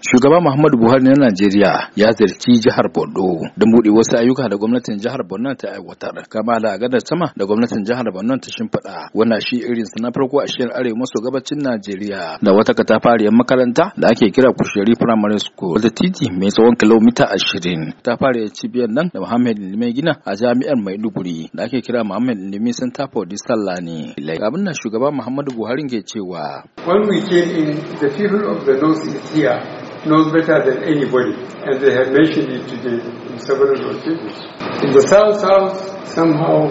Shugaba Muhammadu Buhari na Najeriya ya ziyarci jihar Borno da buɗe wasu ayyuka da gwamnatin jihar Borno ta aiwatar. Kama da gadar sama da gwamnatin jihar Borno ta shimfiɗa. Wannan shi irin su na farko a shirin arewa maso gabacin Najeriya da wata katafariyar makaranta da ake kira Kusheri Primary School. Wata titi mai tsawon kilomita ashirin. Ta cibiyar nan da Muhammad Limai gina a jami'ar Maiduguri da ake kira Muhammad Lime Center for ne Abin da shugaba Muhammadu Buhari ke cewa. When we came the people of the north is here. knows better than anybody, and they have mentioned it today in several occasions. In the South South, somehow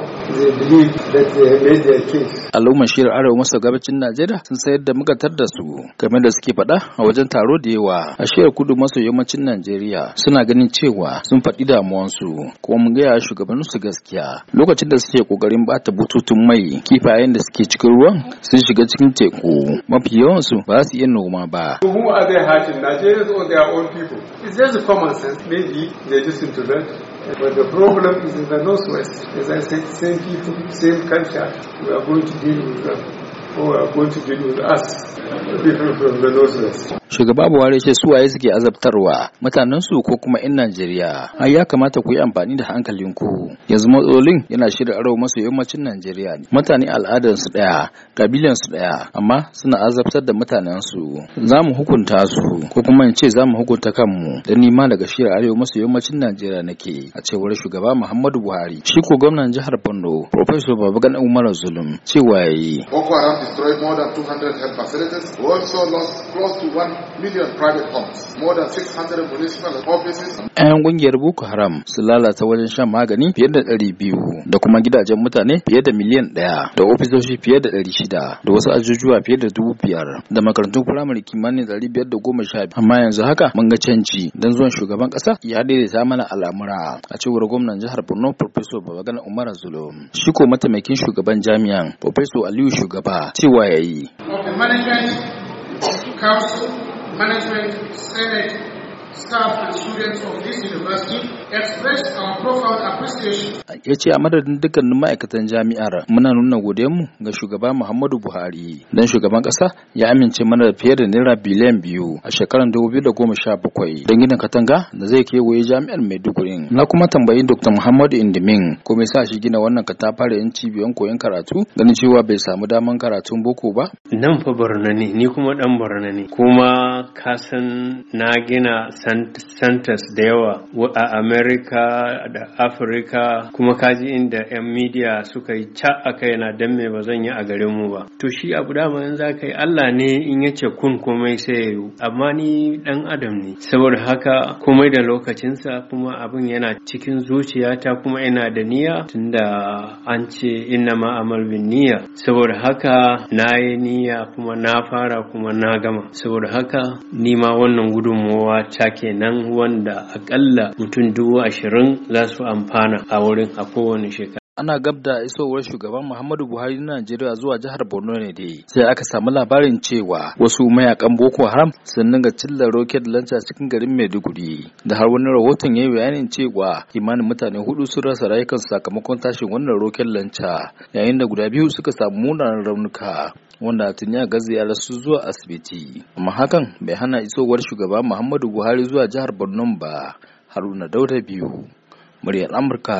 Al'ummar shirin arewa maso gabacin Najeriya sun sayar da mugatar da su game da suke faɗa a wajen taro da yawa a shirin kudu maso yammacin Najeriya suna ganin cewa sun faɗi damuwansu kuma mun gaya shugabannin su gaskiya lokacin da suke kokarin bata bututun mai kifayen da suke cikin ruwan sun shiga cikin teku mafi yawansu ba su iya noma ba. Who are they hurting? Nigerians or their own people? just common sense. Maybe they listen to that. But the problem is in the northwest. As I said, same people, same culture, we are going to deal with them, or are going to deal with us, people from the northwest. shugaba buhari ce su waye suke azabtarwa mutanen su ko kuma in najeriya ai ya kamata ku yi amfani da hankalin ku yanzu matsalolin yana shirin arewa masu yammacin najeriya ne mutane al'adar su daya kabilan su daya amma suna azabtar da mutanen su za mu hukunta su ko kuma in ce za mu hukunta kanmu da nima daga shirin arewa maso yammacin najeriya nake a cewar shugaba muhammadu buhari shi ko gwamnan jihar borno professor babagan umar zulum cewa yayi boko haram destroyed more than 200 health facilities we also lost close to 1 million ‘Yan ƙungiyar Boko Haram su lalata wajen shan magani fiye da ɗari biyu da kuma gidajen mutane fiye da miliyan ɗaya da ofisoshi fiye da ɗari shida da wasu ajujuwa fiye da dubu biyar da makarantun firamare kimanin ɗari biyar da goma sha biyu. Amma yanzu haka mun ga canji don zuwan shugaban ƙasa ya daidaita mana al'amura a cewar gwamnan jihar Borno Professor Babagana Umar zulo Shi ko mataimakin shugaban jami'an Professor Aliyu Shugaba cewa ya yi. Council management, senate, staff Ya ce a madadin dukkanin ma'aikatan jami'ar muna nuna mu ga shugaba Muhammadu Buhari don shugaban ƙasa ya amince mana da fiye da naira biliyan biyu a shekarar 2017 don gina katanga da zai kewaye jami'ar mai Maiduguri. Na kuma tambayi Dr. Muhammadu Indimin ko me sa shi gina wannan katafare yan cibiyar koyon karatu ganin cewa bai samu daman karatun boko ba. Nan fa Borno ne ni kuma dan Borno ne kuma kasan na gina centers da yawa a Amerika da Afirka kuma kaji inda 'yan media suka yi ca a na don me ba zan yi a garin mu ba. To shi abu dama in za ka yi Allah ne in ya ce kun komai sai ya yi amma ni dan adam ne saboda haka komai da lokacinsa kuma abin yana cikin zuciyata kuma ina da niyya tunda an ce inna ma'amal bin niyya saboda haka na yi niyya kuma na fara kuma na gama saboda haka ni ma wannan gudunmowa ta kenan wanda akalla mutum dubu ashirin za su amfana a wurin a kowane shekara ana gab da isowar shugaban Muhammadu Buhari na Najeriya zuwa jihar Borno ne dai. Sai aka samu labarin cewa wasu mayakan Boko Haram sun dinga cilla rocket launcher cikin garin Maiduguri. Da har wani rahoton yayi bayanin cewa imanin mutane hudu sun rasa rayukansu sakamakon tashin wannan rocket launcher yayin da guda biyu suka samu munanan raunuka. wanda tun ya gaza ya rasu zuwa asibiti amma hakan bai hana isowar shugaba muhammadu buhari zuwa jihar borno ba haruna dauda biyu muryar amurka